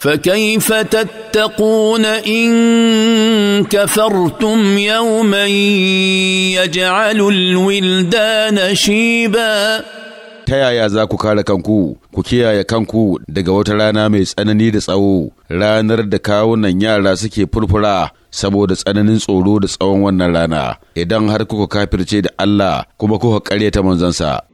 فكيف تتقون ان كفرتم يوما يجعل الولدان شيبا ta yaya za ku kare kanku ku kiyaye kanku daga wata rana mai tsanani da tsawo ranar da kawunan yara suke furfura saboda tsananin tsoro da tsawon wannan rana idan har kuka kafirce da Allah kuma kuka ta manzansa